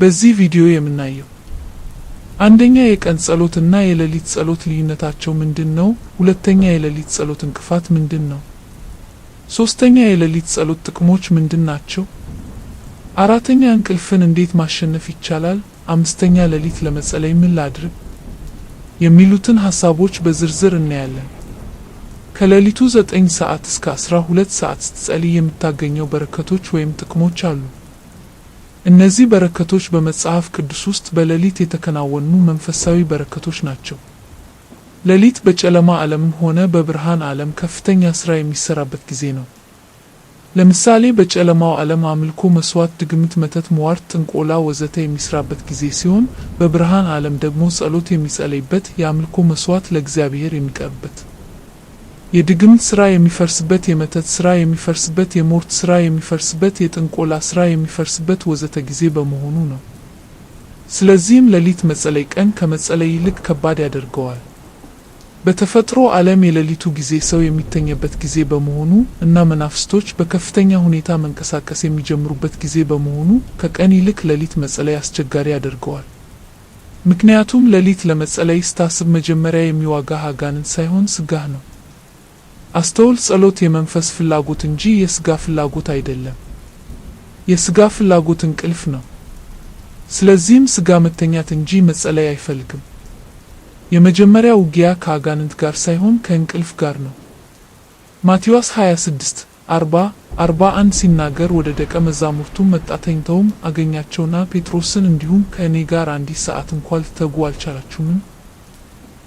በዚህ ቪዲዮ የምናየው አንደኛ የቀን ጸሎት እና የሌሊት ጸሎት ልዩነታቸው ምንድን ነው? ሁለተኛ የሌሊት ጸሎት እንቅፋት ምንድን ነው? ሶስተኛ የሌሊት ጸሎት ጥቅሞች ምንድን ናቸው? አራተኛ እንቅልፍን እንዴት ማሸነፍ ይቻላል? አምስተኛ ሌሊት ለመጸለይ ምን ላድርግ? የሚሉትን ሀሳቦች በዝርዝር እናያለን። ከሌሊቱ 9 ሰዓት እስከ 12 ሰዓት ስትጸልይ የምታገኘው በረከቶች ወይም ጥቅሞች አሉ። እነዚህ በረከቶች በመጽሐፍ ቅዱስ ውስጥ በሌሊት የተከናወኑ መንፈሳዊ በረከቶች ናቸው። ሌሊት በጨለማ ዓለምም ሆነ በብርሃን ዓለም ከፍተኛ ሥራ የሚሠራበት ጊዜ ነው። ለምሳሌ በጨለማው ዓለም አምልኮ፣ መስዋዕት፣ ድግምት፣ መተት፣ ሟርት፣ ጥንቆላ ወዘተ የሚሠራበት ጊዜ ሲሆን፣ በብርሃን ዓለም ደግሞ ጸሎት የሚጸለይበት፣ የአምልኮ መስዋዕት ለእግዚአብሔር የሚቀርብበት የድግምት ስራ የሚፈርስበት፣ የመተት ስራ የሚፈርስበት፣ የሞርት ስራ የሚፈርስበት፣ የጥንቆላ ስራ የሚፈርስበት ወዘተ ጊዜ በመሆኑ ነው። ስለዚህም ሌሊት መጸለይ ቀን ከመጸለይ ይልቅ ከባድ ያደርገዋል። በተፈጥሮ ዓለም የሌሊቱ ጊዜ ሰው የሚተኘበት ጊዜ በመሆኑ እና መናፍስቶች በከፍተኛ ሁኔታ መንቀሳቀስ የሚጀምሩበት ጊዜ በመሆኑ ከቀን ይልቅ ሌሊት መጸለይ አስቸጋሪ ያደርገዋል። ምክንያቱም ሌሊት ለመጸለይ ስታስብ መጀመሪያ የሚዋጋህ አጋንንት ሳይሆን ስጋህ ነው። አስተውል። ጸሎት የመንፈስ ፍላጎት እንጂ የስጋ ፍላጎት አይደለም። የስጋ ፍላጎት እንቅልፍ ነው። ስለዚህም ስጋ መተኛት እንጂ መጸለይ አይፈልግም። የመጀመሪያ ውጊያ ከአጋንንት ጋር ሳይሆን ከእንቅልፍ ጋር ነው። ማቴዎስ 26 40 41 ሲናገር ወደ ደቀ መዛሙርቱም መጣ፣ ተኝተውም አገኛቸውና ጴጥሮስን እንዲሁም ከእኔ ጋር አንዲት ሰዓት እንኳ ልትተጉ አልቻላችሁምን?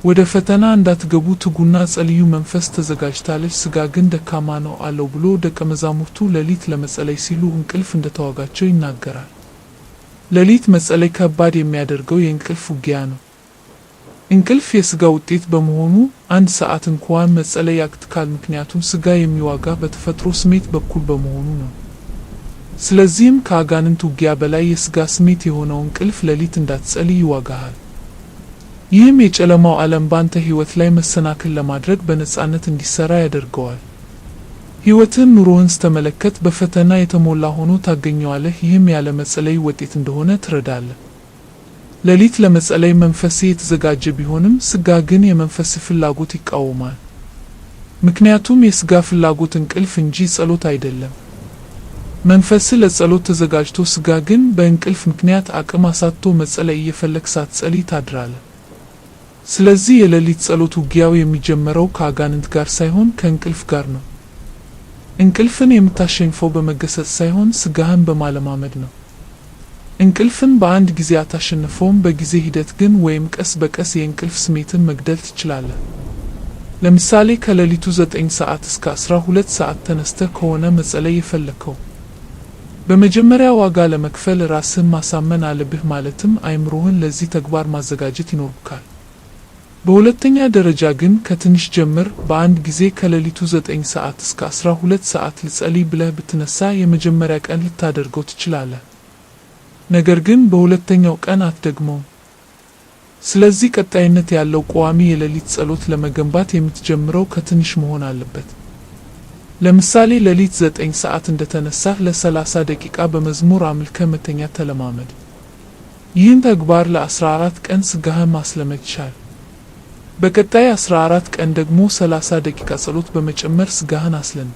ወደ ፈተና እንዳትገቡ ትጉና ጸልዩ። መንፈስ ተዘጋጅታለች፣ ስጋ ግን ደካማ ነው አለው ብሎ ደቀ መዛሙርቱ ሌሊት ለመጸለይ ሲሉ እንቅልፍ እንደተዋጋቸው ይናገራል። ሌሊት መጸለይ ከባድ የሚያደርገው የእንቅልፍ ውጊያ ነው። እንቅልፍ የስጋ ውጤት በመሆኑ አንድ ሰዓት እንኳን መጸለይ ያክትካል። ምክንያቱም ስጋ የሚዋጋ በተፈጥሮ ስሜት በኩል በመሆኑ ነው። ስለዚህም ከአጋንንት ውጊያ በላይ የስጋ ስሜት የሆነው እንቅልፍ ሌሊት እንዳትጸልይ ይዋጋሃል። ይህም የጨለማው ዓለም ባንተ ህይወት ላይ መሰናክል ለማድረግ በነጻነት እንዲሰራ ያደርገዋል። ህይወትን ኑሮህን ስተመለከት በፈተና የተሞላ ሆኖ ታገኘዋለህ። ይህም ያለ መጸለይ ውጤት እንደሆነ ትረዳለህ። ሌሊት ለመጸለይ መንፈሴ የተዘጋጀ ቢሆንም ስጋ ግን የመንፈስ ፍላጎት ይቃወማል። ምክንያቱም የሥጋ ፍላጎት እንቅልፍ እንጂ ጸሎት አይደለም። መንፈስ ለጸሎት ተዘጋጅቶ ሥጋ ግን በእንቅልፍ ምክንያት አቅም አሳጥቶ መጸለይ እየፈለግ ሳትጸልይ ታድራለህ። ስለዚህ የሌሊት ጸሎት ውጊያው የሚጀመረው ከአጋንንት ጋር ሳይሆን ከእንቅልፍ ጋር ነው። እንቅልፍን የምታሸንፈው በመገሰጽ ሳይሆን ስጋህን በማለማመድ ነው። እንቅልፍን በአንድ ጊዜ አታሸንፈውም። በጊዜ ሂደት ግን ወይም ቀስ በቀስ የእንቅልፍ ስሜትን መግደል ትችላለህ። ለምሳሌ ከሌሊቱ 9 ሰዓት እስከ 12 ሰዓት ተነስተህ ከሆነ መጸለይ የፈለከው በመጀመሪያ ዋጋ ለመክፈል ራስህን ማሳመን አለብህ። ማለትም አይምሮህን ለዚህ ተግባር ማዘጋጀት ይኖርብካል። በሁለተኛ ደረጃ ግን ከትንሽ ጀምር። በአንድ ጊዜ ከሌሊቱ 9 ሰዓት እስከ 12 ሰዓት ልጸልይ ብለህ ብትነሳ የመጀመሪያ ቀን ልታደርገው ትችላለህ። ነገር ግን በሁለተኛው ቀን አትደግመውም። ስለዚህ ቀጣይነት ያለው ቋሚ የሌሊት ጸሎት ለመገንባት የምትጀምረው ከትንሽ መሆን አለበት። ለምሳሌ ሌሊት 9 ሰዓት እንደተነሳህ ለ30 ደቂቃ በመዝሙር አምልከ መተኛ ተለማመድ። ይህን ተግባር ለ14 ቀን ስጋህ ማስለመድ ይቻላል። በቀጣይ 14 ቀን ደግሞ 30 ደቂቃ ጸሎት በመጨመር ስጋህን አስለን።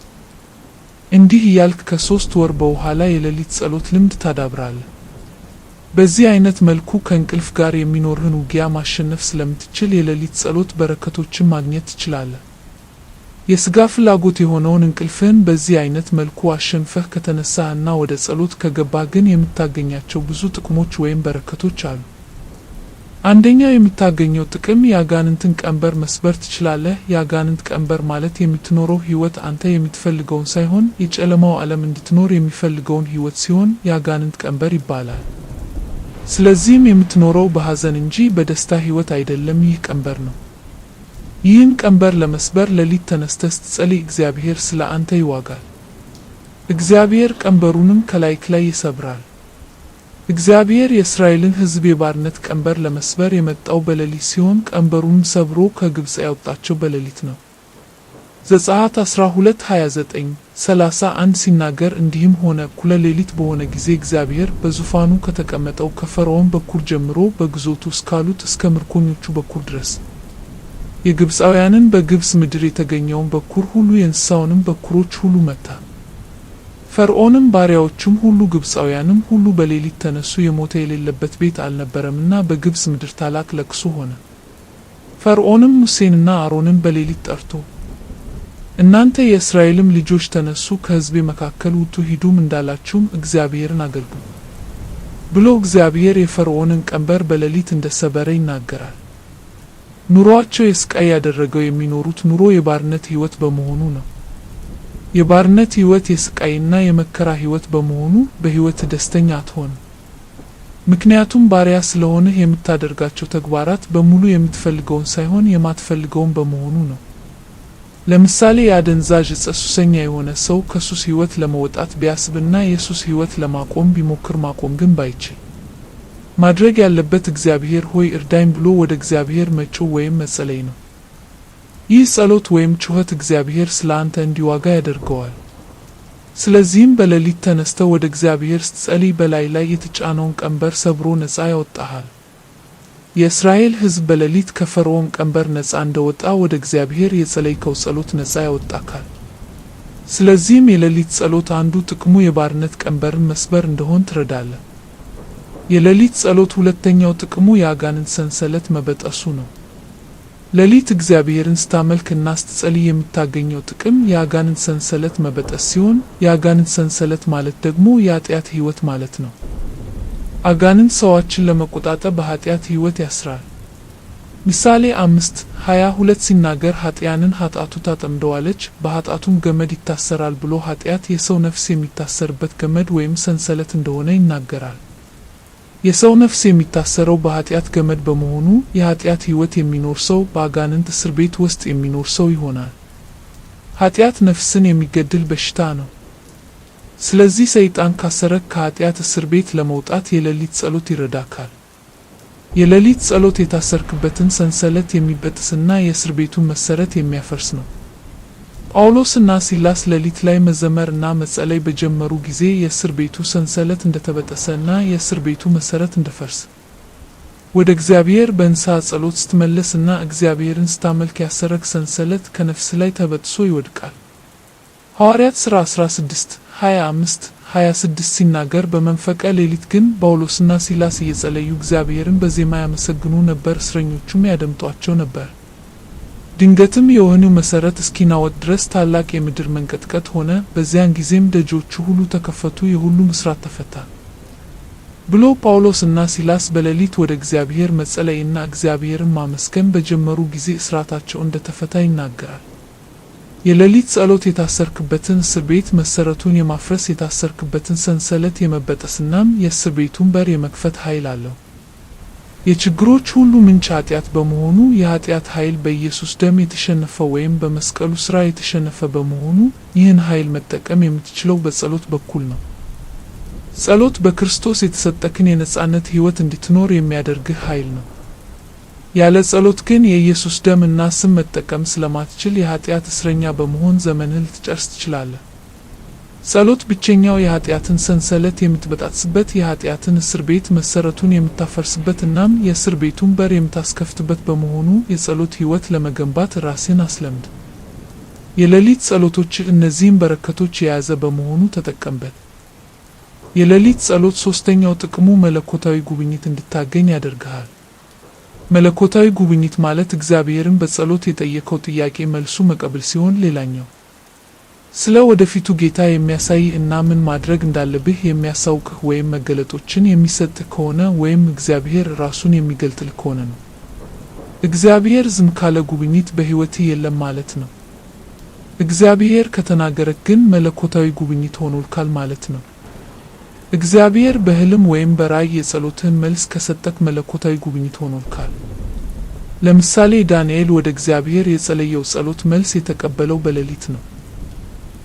እንዲህ እያልክ ከሶስት ወር በኋላ የሌሊት ጸሎት ልምድ ታዳብራለህ። በዚህ አይነት መልኩ ከእንቅልፍ ጋር የሚኖርህን ውጊያ ማሸነፍ ስለምትችል የሌሊት ጸሎት በረከቶችን ማግኘት ትችላለህ። የስጋ ፍላጎት የሆነውን እንቅልፍህን በዚህ አይነት መልኩ አሸንፈህ ከተነሳህና ወደ ጸሎት ከገባህ ግን የምታገኛቸው ብዙ ጥቅሞች ወይም በረከቶች አሉ። አንደኛው የምታገኘው ጥቅም የአጋንንትን ቀንበር መስበር ትችላለህ። የአጋንንት ቀንበር ማለት የምትኖረው ህይወት አንተ የምትፈልገውን ሳይሆን የጨለማው ዓለም እንድትኖር የሚፈልገውን ህይወት ሲሆን የአጋንንት ቀንበር ይባላል። ስለዚህም የምትኖረው በሀዘን እንጂ በደስታ ህይወት አይደለም። ይህ ቀንበር ነው። ይህን ቀንበር ለመስበር ሌሊት ተነስተህ ስትጸልይ እግዚአብሔር ስለ አንተ ይዋጋል። እግዚአብሔር ቀንበሩንም ከላይክ ላይ ይሰብራል። እግዚአብሔር የእስራኤልን ሕዝብ የባርነት ቀንበር ለመስበር የመጣው በሌሊት ሲሆን ቀንበሩም ሰብሮ ከግብፅ ያወጣቸው በሌሊት ነው። ዘጸአት 12:29 31 ሲናገር እንዲህም ሆነ እኩለ ሌሊት በሆነ ጊዜ እግዚአብሔር በዙፋኑ ከተቀመጠው ከፈርዖን በኩር ጀምሮ በግዞቱ እስካሉት እስከ ምርኮኞቹ በኩር ድረስ የግብፃውያንን በግብፅ ምድር የተገኘውን በኩር ሁሉ የእንስሳውንም በኩሮች ሁሉ መታ። ፈርዖንም ባሪያዎቹም ሁሉ ግብፃውያንም ሁሉ በሌሊት ተነሱ፣ የሞተ የሌለበት ቤት አልነበረምና በግብፅ ምድር ታላቅ ለቅሶ ሆነ። ፈርዖንም ሙሴንና አሮንን በሌሊት ጠርቶ እናንተ የእስራኤልም ልጆች ተነሱ፣ ከሕዝቤ መካከል ውጡ፣ ሂዱም እንዳላችሁም እግዚአብሔርን አገልግሉ ብሎ እግዚአብሔር የፈርዖንን ቀንበር በሌሊት እንደ ሰበረ ይናገራል። ኑሮአቸው የስቃይ ያደረገው የሚኖሩት ኑሮ የባርነት ሕይወት በመሆኑ ነው። የባርነት ሕይወት የስቃይና የመከራ ህይወት በመሆኑ በህይወት ደስተኛ አትሆንም። ምክንያቱም ባሪያ ስለሆንህ የምታደርጋቸው ተግባራት በሙሉ የምትፈልገውን ሳይሆን የማትፈልገውን በመሆኑ ነው። ለምሳሌ የአደንዛዥ እጽ ሱሰኛ የሆነ ሰው ከሱስ ህይወት ለመውጣት ቢያስብና የሱስ ህይወት ለማቆም ቢሞክር ማቆም ግን ባይችል ማድረግ ያለበት እግዚአብሔር ሆይ እርዳኝ ብሎ ወደ እግዚአብሔር መጮህ ወይም መጸለይ ነው። ይህ ጸሎት ወይም ጩኸት እግዚአብሔር ስለ አንተ እንዲዋጋ ያደርገዋል። ስለዚህም በሌሊት ተነስተው ወደ እግዚአብሔር ስትጸልይ በላይ ላይ የተጫነውን ቀንበር ሰብሮ ነፃ ያወጣሃል። የእስራኤል ሕዝብ በሌሊት ከፈርዖን ቀንበር ነፃ እንደወጣ ወደ እግዚአብሔር የጸለይከው ጸሎት ነፃ ያወጣካል። ስለዚህም የሌሊት ጸሎት አንዱ ጥቅሙ የባርነት ቀንበርን መስበር እንደሆን ትረዳለ። የሌሊት ጸሎት ሁለተኛው ጥቅሙ የአጋንንት ሰንሰለት መበጠሱ ነው። ሌሊት እግዚአብሔርን ስታመልክና ስትጸልይ የምታገኘው ጥቅም የአጋንንት ሰንሰለት መበጠስ ሲሆን የአጋንንት ሰንሰለት ማለት ደግሞ የኃጢአት ህይወት ማለት ነው። አጋንንት ሰዎችን ለመቆጣጠር በኃጢአት ህይወት ያስራል። ምሳሌ አምስት ሀያ ሁለት ሲናገር ኃጢያንን ኃጢአቱ ታጠምደዋለች በኃጢአቱም ገመድ ይታሰራል ብሎ ኃጢአት የሰው ነፍስ የሚታሰርበት ገመድ ወይም ሰንሰለት እንደሆነ ይናገራል። የሰው ነፍስ የሚታሰረው በኃጢአት ገመድ በመሆኑ የኃጢአት ህይወት የሚኖር ሰው በአጋንንት እስር ቤት ውስጥ የሚኖር ሰው ይሆናል። ኃጢአት ነፍስን የሚገድል በሽታ ነው። ስለዚህ ሰይጣን ካሰረክ ከኃጢአት እስር ቤት ለመውጣት የሌሊት ጸሎት ይረዳካል። የሌሊት ጸሎት የታሰርክበትን ሰንሰለት የሚበጥስና የእስር ቤቱን መሰረት የሚያፈርስ ነው። ጳውሎስና ሲላስ ሌሊት ላይ መዘመር እና መጸለይ በጀመሩ ጊዜ የእስር ቤቱ ሰንሰለት እንደተበጠሰ እና የእስር ቤቱ መሰረት እንደፈርስ ወደ እግዚአብሔር በንስሐ ጸሎት ስትመለስ እና እግዚአብሔርን ስታመልክ ያሰረክ ሰንሰለት ከነፍስ ላይ ተበጥሶ ይወድቃል። ሐዋርያት ሥራ 16 25 26 ሲናገር በመንፈቀ ሌሊት ግን ጳውሎስና ሲላስ እየጸለዩ እግዚአብሔርን በዜማ ያመሰግኑ ነበር፣ እስረኞቹም ያደምጧቸው ነበር። ድንገትም የወህኒው መሰረት እስኪናወጥ ድረስ ታላቅ የምድር መንቀጥቀጥ ሆነ። በዚያን ጊዜም ደጆቹ ሁሉ ተከፈቱ፣ የሁሉም እስራት ተፈታ ብሎ ጳውሎስ እና ሲላስ በሌሊት ወደ እግዚአብሔር መጸለይና እግዚአብሔርን ማመስገን በጀመሩ ጊዜ እስራታቸው እንደ ተፈታ ይናገራል። የሌሊት ጸሎት የታሰርክበትን እስር ቤት መሰረቱን የማፍረስ የታሰርክበትን ሰንሰለት የመበጠስናም የእስር ቤቱን በር የመክፈት ኃይል አለው። የችግሮች ሁሉ ምንጭ ኃጢአት በመሆኑ የኃጢአት ኃይል በኢየሱስ ደም የተሸነፈ ወይም በመስቀሉ ሥራ የተሸነፈ በመሆኑ ይህን ኃይል መጠቀም የምትችለው በጸሎት በኩል ነው። ጸሎት በክርስቶስ የተሰጠክን የነጻነት ሕይወት እንድትኖር የሚያደርግህ ኃይል ነው። ያለ ጸሎት ግን የኢየሱስ ደም እና ስም መጠቀም ስለማትችል የኃጢአት እስረኛ በመሆን ዘመንህ ልትጨርስ ትችላለህ። ጸሎት ብቸኛው የኃጢአትን ሰንሰለት የምትበጣጥስበት የኃጢአትን እስር ቤት መሰረቱን የምታፈርስበት እናም የእስር ቤቱን በር የምታስከፍትበት በመሆኑ የጸሎት ሕይወት ለመገንባት ራስን አስለምድ። የሌሊት ጸሎቶች እነዚህን በረከቶች የያዘ በመሆኑ ተጠቀምበት። የሌሊት ጸሎት ሶስተኛው ጥቅሙ መለኮታዊ ጉብኝት እንድታገኝ ያደርግሃል። መለኮታዊ ጉብኝት ማለት እግዚአብሔርን በጸሎት የጠየቀው ጥያቄ መልሱ መቀበል ሲሆን ሌላኛው ስለ ወደፊቱ ጌታ የሚያሳይ እና ምን ማድረግ እንዳለብህ የሚያሳውቅህ ወይም መገለጦችን የሚሰጥህ ከሆነ ወይም እግዚአብሔር ራሱን የሚገልጥልህ ከሆነ ነው። እግዚአብሔር ዝም ካለ ጉብኝት በሕይወትህ የለም ማለት ነው። እግዚአብሔር ከተናገረ ግን መለኮታዊ ጉብኝት ሆኖልካል ማለት ነው። እግዚአብሔር በህልም ወይም በራእይ የጸሎትህን መልስ ከሰጠክ መለኮታዊ ጉብኝት ሆኖልካል። ለምሳሌ ዳንኤል ወደ እግዚአብሔር የጸለየው ጸሎት መልስ የተቀበለው በሌሊት ነው።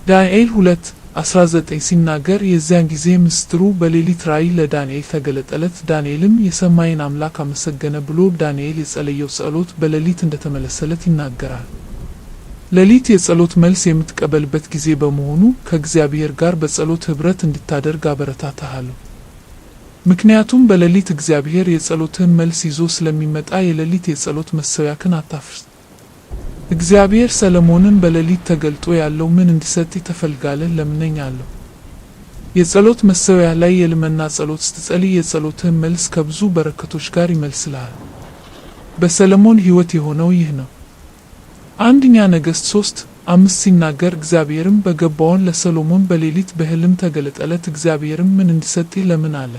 ዳንኤል 2 19 ሲናገር የዚያን ጊዜ ምስጢሩ በሌሊት ራእይ ለዳንኤል ተገለጠለት። ዳንኤልም የሰማይን አምላክ አመሰገነ ብሎ ዳንኤል የጸለየው ጸሎት በሌሊት እንደተመለሰለት ይናገራል። ሌሊት የጸሎት መልስ የምትቀበልበት ጊዜ በመሆኑ ከእግዚአብሔር ጋር በጸሎት ኅብረት እንድታደርግ አበረታታሃለሁ። ምክንያቱም በሌሊት እግዚአብሔር የጸሎትህን መልስ ይዞ ስለሚመጣ የሌሊት የጸሎት መሠዊያህን አታፍርስ። እግዚአብሔር ሰለሞንን በሌሊት ተገልጦ ያለው ምን እንዲሰጥ ተፈልጋለህ ለምነኝ አለው። የጸሎት መሠዊያ ላይ የልመና ጸሎት ስትጸልይ የጸሎትህን መልስ ከብዙ በረከቶች ጋር ይመልስልሃል። በሰለሞን ሕይወት የሆነው ይህ ነው። አንደኛ ነገሥት ሶስት አምስት ሲናገር እግዚአብሔርም በገባውን ለሰሎሞን በሌሊት በሕልም ተገለጠለት። እግዚአብሔርም ምን እንዲሰጥ ለምን አለ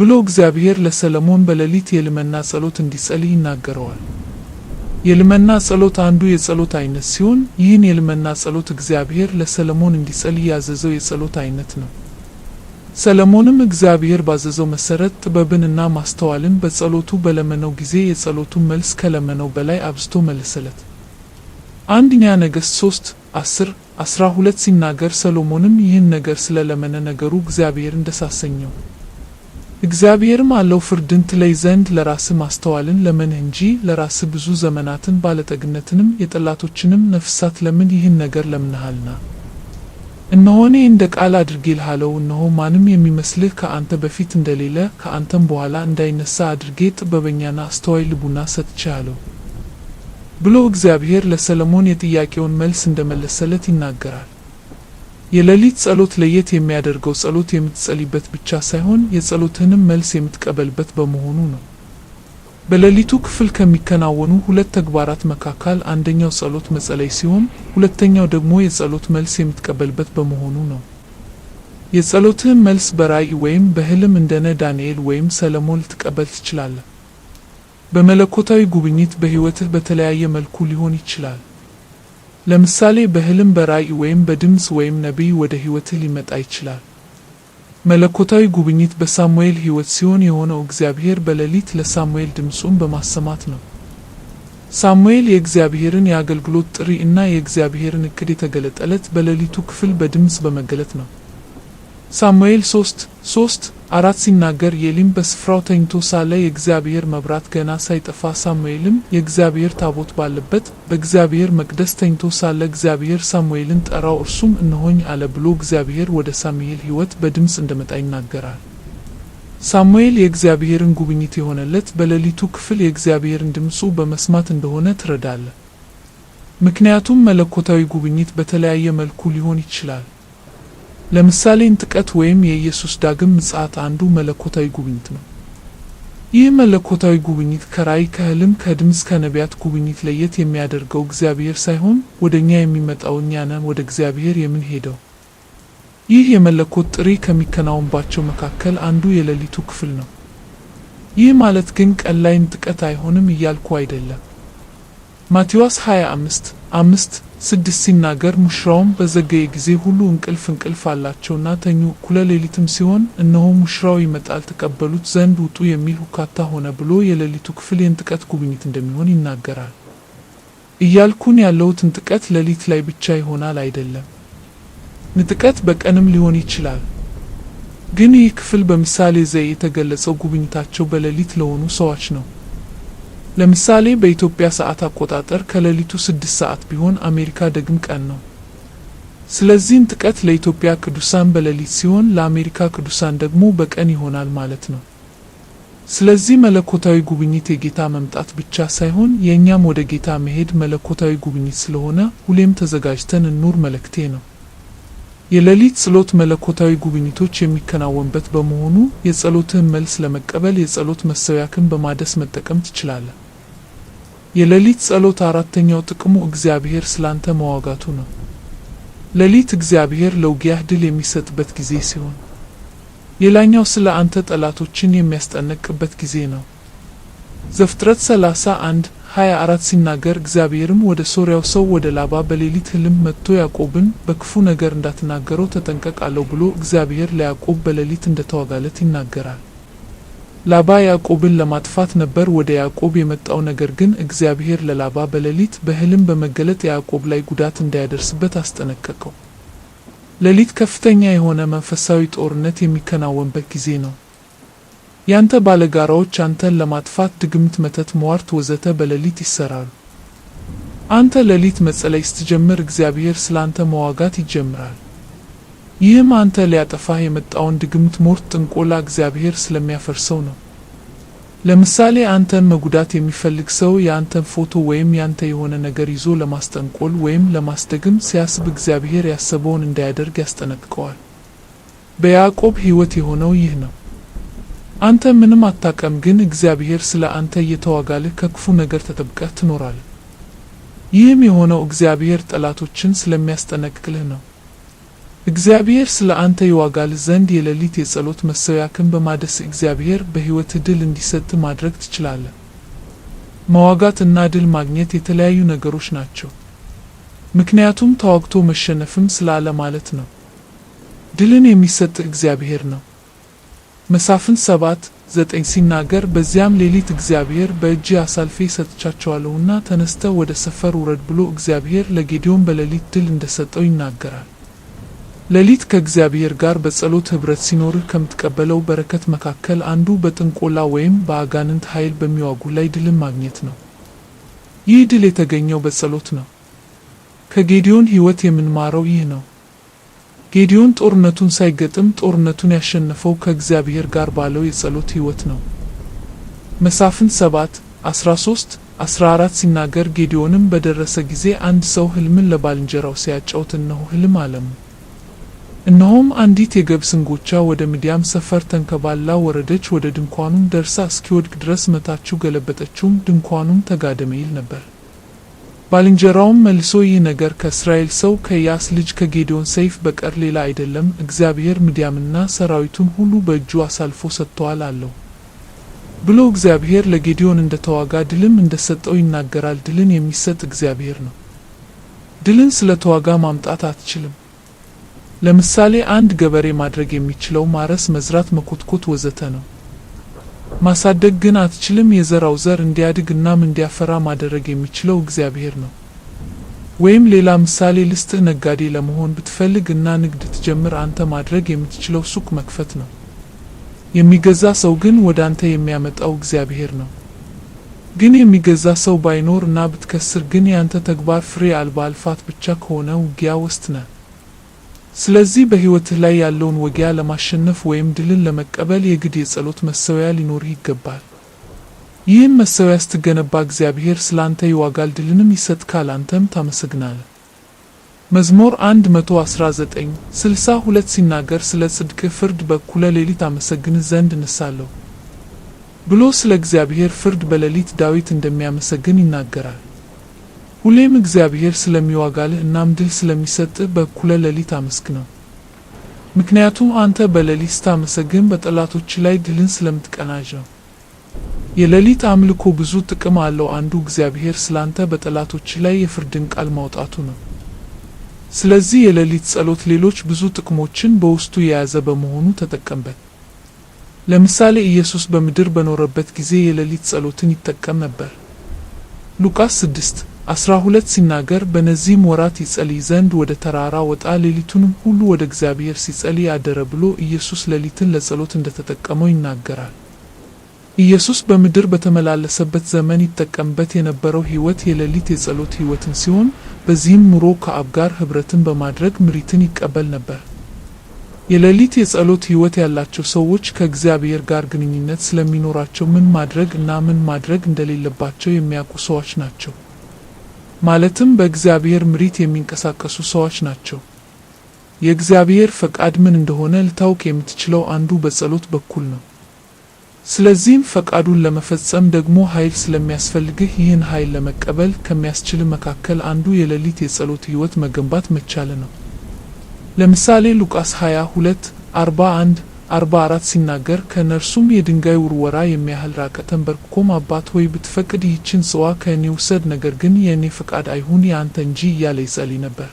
ብሎ እግዚአብሔር ለሰለሞን በሌሊት የልመና ጸሎት እንዲጸልይ ይናገረዋል። የልመና ጸሎት አንዱ የጸሎት አይነት ሲሆን ይህን የልመና ጸሎት እግዚአብሔር ለሰለሞን እንዲጸልይ ያዘዘው የጸሎት አይነት ነው። ሰለሞንም እግዚአብሔር ባዘዘው መሰረት ጥበብንና ማስተዋልን በጸሎቱ በለመነው ጊዜ የጸሎቱን መልስ ከለመነው በላይ አብዝቶ መለሰለት። አንደኛ ነገሥት 3 10 12 ሲናገር ሰሎሞንም ይህን ነገር ስለለመነ ነገሩ እግዚአብሔር እንደሳሰኘው እግዚአብሔርም አለው ፍርድን ትለይ ዘንድ ለራስ ማስተዋልን ለምን እንጂ ለራስ ብዙ ዘመናትን ባለጠግነትንም የጠላቶችንም ነፍሳት ለምን ይህን ነገር ለምንሃልና? እነሆ እኔ እንደ ቃል አድርጌልሃለሁ። እነሆ ማንም የሚመስልህ ከአንተ በፊት እንደሌለ ከአንተም በኋላ እንዳይነሳ አድርጌ ጥበበኛና አስተዋይ ልቡና ሰጥቼሃለሁ ብሎ እግዚአብሔር ለሰለሞን የጥያቄውን መልስ እንደመለሰለት ይናገራል። የሌሊት ጸሎት ለየት የሚያደርገው ጸሎት የምትጸልይበት ብቻ ሳይሆን የጸሎትንም መልስ የምትቀበልበት በመሆኑ ነው። በሌሊቱ ክፍል ከሚከናወኑ ሁለት ተግባራት መካከል አንደኛው ጸሎት መጸለይ ሲሆን፣ ሁለተኛው ደግሞ የጸሎት መልስ የምትቀበልበት በመሆኑ ነው። የጸሎትህን መልስ በራእይ ወይም በህልም እንደነ ዳንኤል ወይም ሰለሞን ልትቀበል ትችላለህ። በመለኮታዊ ጉብኝት በሕይወትህ በተለያየ መልኩ ሊሆን ይችላል። ለምሳሌ በህልም በራእይ ወይም በድምፅ ወይም ነቢይ ወደ ህይወት ሊመጣ ይችላል። መለኮታዊ ጉብኝት በሳሙኤል ህይወት ሲሆን የሆነው እግዚአብሔር በሌሊት ለሳሙኤል ድምፁን በማሰማት ነው። ሳሙኤል የእግዚአብሔርን የአገልግሎት ጥሪ እና የእግዚአብሔርን እቅድ የተገለጠለት በሌሊቱ ክፍል በድምፅ በመገለጥ ነው። ሳሙኤል 3 3 አራት ሲናገር ኤሊም በስፍራው ተኝቶ ሳለ የእግዚአብሔር መብራት ገና ሳይጠፋ ሳሙኤልም የእግዚአብሔር ታቦት ባለበት በእግዚአብሔር መቅደስ ተኝቶ ሳለ እግዚአብሔር ሳሙኤልን ጠራው። እርሱም እነሆኝ አለ ብሎ እግዚአብሔር ወደ ሳሙኤል ሕይወት በድምፅ እንደመጣ ይናገራል። ሳሙኤል የእግዚአብሔርን ጉብኝት የሆነለት በሌሊቱ ክፍል የእግዚአብሔርን ድምፁ በመስማት እንደሆነ ትረዳለ። ምክንያቱም መለኮታዊ ጉብኝት በተለያየ መልኩ ሊሆን ይችላል። ለምሳሌ እንጥቀት ወይም የኢየሱስ ዳግም ምጽአት አንዱ መለኮታዊ ጉብኝት ነው። ይህ መለኮታዊ ጉብኝት ከራእይ፣ ከህልም፣ ከድምፅ፣ ከነቢያት ጉብኝት ለየት የሚያደርገው እግዚአብሔር ሳይሆን ወደ እኛ የሚመጣው እኛ ነን ወደ እግዚአብሔር የምንሄደው። ይህ የመለኮት ጥሪ ከሚከናወንባቸው መካከል አንዱ የሌሊቱ ክፍል ነው። ይህ ማለት ግን ቀን ላይ አይሆንም እያልኩ አይደለም። ማቴዎስ 25 አምስት ስድስት ሲናገር ሙሽራውም በዘገየ ጊዜ ሁሉ እንቅልፍ እንቅልፍ አላቸውና ተኙ። እኩለ ሌሊትም ሲሆን እነሆ ሙሽራው ይመጣል፣ ተቀበሉት ዘንድ ውጡ የሚል ሁካታ ሆነ ብሎ የሌሊቱ ክፍል የንጥቀት ጉብኝት እንደሚሆን ይናገራል። እያልኩን ያለሁት እንጥቀት ሌሊት ላይ ብቻ ይሆናል አይደለም፣ ንጥቀት በቀንም ሊሆን ይችላል። ግን ይህ ክፍል በምሳሌ ዘ የተገለጸው ጉብኝታቸው በሌሊት ለሆኑ ሰዎች ነው። ለምሳሌ በኢትዮጵያ ሰዓት አቆጣጠር ከሌሊቱ ስድስት ሰዓት ቢሆን አሜሪካ ደግም ቀን ነው። ስለዚህ ጥቀት ለኢትዮጵያ ቅዱሳን በሌሊት ሲሆን ለአሜሪካ ቅዱሳን ደግሞ በቀን ይሆናል ማለት ነው። ስለዚህ መለኮታዊ ጉብኝት የጌታ መምጣት ብቻ ሳይሆን የእኛም ወደ ጌታ መሄድ መለኮታዊ ጉብኝት ስለሆነ ሁሌም ተዘጋጅተን እንኑር መልእክቴ ነው። የሌሊት ጸሎት መለኮታዊ ጉብኝቶች የሚከናወንበት በመሆኑ የጸሎትህን መልስ ለመቀበል የጸሎት መሠዊያህን በማደስ መጠቀም ትችላለህ። የሌሊት ጸሎት አራተኛው ጥቅሙ እግዚአብሔር ስላንተ መዋጋቱ ነው። ሌሊት እግዚአብሔር ለውጊያህ ድል የሚሰጥበት ጊዜ ሲሆን፣ ሌላኛው ስለ አንተ ጠላቶችን የሚያስጠነቅበት ጊዜ ነው። ዘፍጥረት 31 24 ሲናገር እግዚአብሔርም ወደ ሶርያው ሰው ወደ ላባ በሌሊት ህልም መጥቶ ያዕቆብን በክፉ ነገር እንዳትናገረው ተጠንቀቃለሁ ብሎ እግዚአብሔር ለያዕቆብ በሌሊት እንደተዋጋለት ይናገራል። ላባ ያዕቆብን ለማጥፋት ነበር ወደ ያዕቆብ የመጣው። ነገር ግን እግዚአብሔር ለላባ በሌሊት በሕልም በመገለጥ ያዕቆብ ላይ ጉዳት እንዳያደርስበት አስጠነቀቀው። ሌሊት ከፍተኛ የሆነ መንፈሳዊ ጦርነት የሚከናወንበት ጊዜ ነው። ያንተ ባለጋራዎች አንተን ለማጥፋት ድግምት፣ መተት፣ ሟርት፣ ወዘተ በሌሊት ይሰራሉ። አንተ ሌሊት መጸለይ ስትጀምር እግዚአብሔር ስለ አንተ መዋጋት ይጀምራል። ይህም አንተ ሊያጠፋህ የመጣውን ድግምት ሞት፣ ጥንቆላ እግዚአብሔር ስለሚያፈርሰው ነው። ለምሳሌ አንተን መጉዳት የሚፈልግ ሰው የአንተን ፎቶ ወይም ያንተ የሆነ ነገር ይዞ ለማስጠንቆል ወይም ለማስደግም ሲያስብ እግዚአብሔር ያሰበውን እንዳያደርግ ያስጠነቅቀዋል። በያዕቆብ ሕይወት የሆነው ይህ ነው። አንተ ምንም አታቀም፣ ግን እግዚአብሔር ስለ አንተ እየተዋጋልህ ከክፉ ነገር ተጠብቀህ ትኖራለህ። ይህም የሆነው እግዚአብሔር ጠላቶችን ስለሚያስጠነቅቅልህ ነው። እግዚአብሔር ስለ አንተ ይዋጋል ዘንድ የሌሊት የጸሎት መሠዊያህን በማደስ እግዚአብሔር በህይወት ድል እንዲሰጥ ማድረግ ትችላለህ። መዋጋት እና ድል ማግኘት የተለያዩ ነገሮች ናቸው። ምክንያቱም ተዋግቶ መሸነፍም ስላለ ማለት ነው። ድልን የሚሰጥ እግዚአብሔር ነው። መሳፍን ሰባት ዘጠኝ ሲናገር በዚያም ሌሊት እግዚአብሔር በእጅ አሳልፌ ሰጥቻቸዋለሁና ተነስተ ወደ ሰፈር ውረድ ብሎ እግዚአብሔር ለጌዲዮን በሌሊት ድል እንደሰጠው ይናገራል። ሌሊት ከእግዚአብሔር ጋር በጸሎት ኅብረት ሲኖርህ ከምትቀበለው በረከት መካከል አንዱ በጥንቆላ ወይም በአጋንንት ኃይል በሚዋጉ ላይ ድልን ማግኘት ነው። ይህ ድል የተገኘው በጸሎት ነው። ከጌዲዮን ሕይወት የምንማረው ይህ ነው። ጌዲዮን ጦርነቱን ሳይገጥም ጦርነቱን ያሸነፈው ከእግዚአብሔር ጋር ባለው የጸሎት ሕይወት ነው። መሳፍንት 7 13 14 ሲናገር ጌዲዮንም በደረሰ ጊዜ አንድ ሰው ሕልምን ለባልንጀራው ሲያጫውት እነሆ ሕልም አለሙ እነሆም አንዲት የገብስ እንጎቻ ወደ ምድያም ሰፈር ተንከባላ ወረደች። ወደ ድንኳኑም ደርሳ እስኪወድቅ ድረስ መታችው፣ ገለበጠችውም። ድንኳኑም ተጋደመ ይል ነበር። ባልንጀራውም መልሶ ይህ ነገር ከእስራኤል ሰው ከያስ ልጅ ከጌዲዮን ሰይፍ በቀር ሌላ አይደለም፣ እግዚአብሔር ምድያምና ሰራዊቱን ሁሉ በእጁ አሳልፎ ሰጥተዋል አለው ብሎ እግዚአብሔር ለጌዲዮን እንደተዋጋ ድልም እንደሰጠው ይናገራል። ድልን የሚሰጥ እግዚአብሔር ነው። ድልን ስለ ተዋጋ ማምጣት አትችልም። ለምሳሌ አንድ ገበሬ ማድረግ የሚችለው ማረስ፣ መዝራት፣ መኮትኮት ወዘተ ነው። ማሳደግ ግን አትችልም። የዘራው ዘር እንዲያድግ እናም እንዲያፈራ ማደረግ የሚችለው እግዚአብሔር ነው። ወይም ሌላ ምሳሌ ልስጥህ። ነጋዴ ለመሆን ብትፈልግ እና ንግድ ትጀምር፣ አንተ ማድረግ የምትችለው ሱቅ መክፈት ነው። የሚገዛ ሰው ግን ወደ አንተ የሚያመጣው እግዚአብሔር ነው። ግን የሚገዛ ሰው ባይኖር እና ብትከስር ግን ያንተ ተግባር ፍሬ አልባ ብቻ ከሆነ ውጊያ ውስጥ ነህ። ስለዚህ በህይወት ላይ ያለውን ውጊያ ለማሸነፍ ወይም ድልን ለመቀበል የግድ የጸሎት መሰዊያ ሊኖርህ ይገባል። ይህም መሰዊያ ስትገነባ እግዚአብሔር ስላንተ ይዋጋል፣ ድልንም ይሰጥካል፣ አንተም ታመሰግናለህ። መዝሙር 119 62 ሲናገር ስለ ጽድቅ ፍርድ በኩለ ሌሊት አመሰግን ዘንድ እነሳለሁ ብሎ ስለ እግዚአብሔር ፍርድ በሌሊት ዳዊት እንደሚያመሰግን ይናገራል። ሁሌም እግዚአብሔር ስለሚዋጋልህ እናም ድል ስለሚሰጥህ በእኩለ ሌሊት አመስግነው። ምክንያቱም አንተ በሌሊት ስታመሰግን በጠላቶች ላይ ድልን ስለምትቀናጀው። የሌሊት አምልኮ ብዙ ጥቅም አለው። አንዱ እግዚአብሔር ስላንተ በጠላቶች ላይ የፍርድን ቃል ማውጣቱ ነው። ስለዚህ የሌሊት ጸሎት ሌሎች ብዙ ጥቅሞችን በውስጡ የያዘ በመሆኑ ተጠቀምበት። ለምሳሌ ኢየሱስ በምድር በኖረበት ጊዜ የሌሊት ጸሎትን ይጠቀም ነበር። ሉቃስ 6 አስራ ሁለት ሲናገር በነዚህም ወራት ይጸልይ ዘንድ ወደ ተራራ ወጣ፣ ሌሊቱንም ሁሉ ወደ እግዚአብሔር ሲጸልይ አደረ ብሎ ኢየሱስ ሌሊትን ለጸሎት እንደተጠቀመው ይናገራል። ኢየሱስ በምድር በተመላለሰበት ዘመን ይጠቀምበት የነበረው ሕይወት የሌሊት የጸሎት ሕይወትን ሲሆን በዚህም ኑሮ ከአብ ጋር ኅብረትን በማድረግ ምሪትን ይቀበል ነበር። የሌሊት የጸሎት ሕይወት ያላቸው ሰዎች ከእግዚአብሔር ጋር ግንኙነት ስለሚኖራቸው ምን ማድረግ እና ምን ማድረግ እንደሌለባቸው የሚያውቁ ሰዎች ናቸው። ማለትም በእግዚአብሔር ምሪት የሚንቀሳቀሱ ሰዎች ናቸው። የእግዚአብሔር ፈቃድ ምን እንደሆነ ልታውቅ የምትችለው አንዱ በጸሎት በኩል ነው። ስለዚህም ፈቃዱን ለመፈጸም ደግሞ ኃይል ስለሚያስፈልግህ ይህን ኃይል ለመቀበል ከሚያስችል መካከል አንዱ የሌሊት የጸሎት ሕይወት መገንባት መቻል ነው። ለምሳሌ ሉቃስ 22 41 44 ሲናገር ከእነርሱም የድንጋይ ውርወራ የሚያህል ራቀ። ተንበርክኮም አባት ሆይ ብትፈቅድ ይህችን ጽዋ ከእኔ ውሰድ፣ ነገር ግን የእኔ ፈቃድ አይሁን የአንተ እንጂ እያለ ይጸልይ ነበር።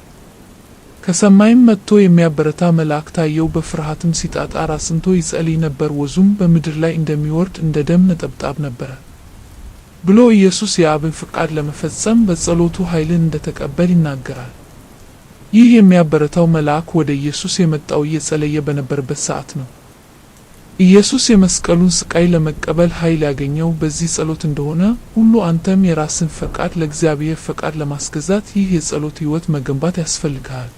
ከሰማይም መጥቶ የሚያበረታ መልአክ ታየው። በፍርሃትም ሲጣጣ ራስንቶ ይጸልይ ነበር። ወዙም በምድር ላይ እንደሚወርድ እንደ ደም ነጠብጣብ ነበረ ብሎ ኢየሱስ የአብን ፍቃድ ለመፈጸም በጸሎቱ ኃይልን እንደተቀበል ይናገራል። ይህ የሚያበረታው መልአክ ወደ ኢየሱስ የመጣው እየጸለየ በነበረበት ሰዓት ነው። ኢየሱስ የመስቀሉን ስቃይ ለመቀበል ኃይል ያገኘው በዚህ ጸሎት እንደሆነ ሁሉ አንተም የራስን ፈቃድ ለእግዚአብሔር ፈቃድ ለማስገዛት ይህ የጸሎት ሕይወት መገንባት ያስፈልግሃል።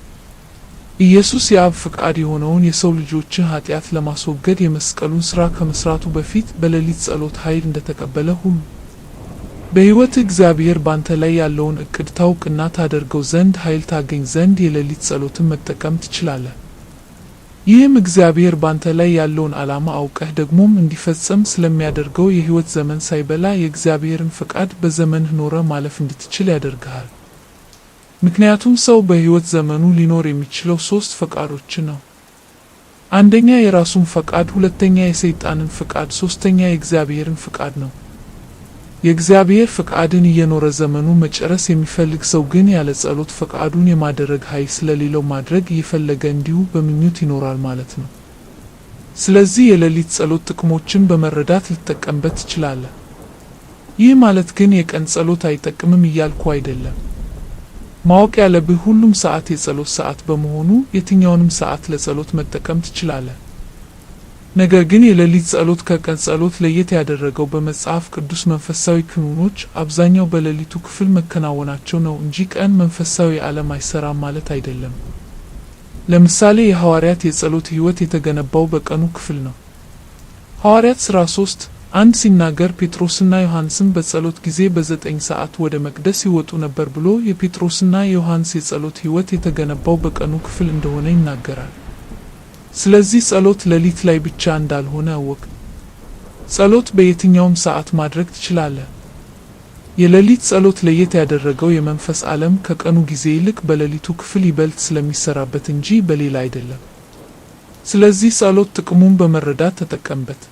ኢየሱስ የአብ ፈቃድ የሆነውን የሰው ልጆችን ኃጢአት ለማስወገድ የመስቀሉን ሥራ ከመሥራቱ በፊት በሌሊት ጸሎት ኃይል እንደተቀበለ ሁሉ በሕይወት እግዚአብሔር ባንተ ላይ ያለውን እቅድ ታውቅና ታደርገው ዘንድ ኃይል ታገኝ ዘንድ የሌሊት ጸሎትን መጠቀም ትችላለህ። ይህም እግዚአብሔር ባንተ ላይ ያለውን ዓላማ አውቀህ ደግሞም እንዲፈጸም ስለሚያደርገው የህይወት ዘመን ሳይበላ የእግዚአብሔርን ፈቃድ በዘመንህ ኖረ ማለፍ እንድትችል ያደርግሃል። ምክንያቱም ሰው በህይወት ዘመኑ ሊኖር የሚችለው ሶስት ፈቃዶች ነው። አንደኛ የራሱን ፈቃድ፣ ሁለተኛ የሰይጣንን ፈቃድ፣ ሶስተኛ የእግዚአብሔርን ፈቃድ ነው። የእግዚአብሔር ፈቃድን እየኖረ ዘመኑ መጨረስ የሚፈልግ ሰው ግን ያለ ጸሎት ፈቃዱን የማደረግ ኃይል ስለሌለው ማድረግ እየፈለገ እንዲሁ በምኞት ይኖራል ማለት ነው። ስለዚህ የሌሊት ጸሎት ጥቅሞችን በመረዳት ልጠቀምበት ትችላለህ። ይህ ማለት ግን የቀን ጸሎት አይጠቅምም እያልኩ አይደለም። ማወቅ ያለብህ ሁሉም ሰዓት የጸሎት ሰዓት በመሆኑ የትኛውንም ሰዓት ለጸሎት መጠቀም ትችላለህ። ነገር ግን የሌሊት ጸሎት ከቀን ጸሎት ለየት ያደረገው በመጽሐፍ ቅዱስ መንፈሳዊ ክንውኖች አብዛኛው በሌሊቱ ክፍል መከናወናቸው ነው እንጂ ቀን መንፈሳዊ ዓለም አይሰራም ማለት አይደለም። ለምሳሌ የሐዋርያት የጸሎት ሕይወት የተገነባው በቀኑ ክፍል ነው። ሐዋርያት ሥራ ሶስት አንድ ሲናገር ጴጥሮስና ዮሐንስም በጸሎት ጊዜ በዘጠኝ ሰዓት ወደ መቅደስ ይወጡ ነበር ብሎ የጴጥሮስና የዮሐንስ የጸሎት ሕይወት የተገነባው በቀኑ ክፍል እንደሆነ ይናገራል። ስለዚህ ጸሎት ሌሊት ላይ ብቻ እንዳልሆነ እወቅ። ጸሎት በየትኛውም ሰዓት ማድረግ ትችላለህ። የሌሊት ጸሎት ለየት ያደረገው የመንፈስ ዓለም ከቀኑ ጊዜ ይልቅ በሌሊቱ ክፍል ይበልጥ ስለሚሰራበት እንጂ በሌላ አይደለም። ስለዚህ ጸሎት ጥቅሙን በመረዳት ተጠቀምበት።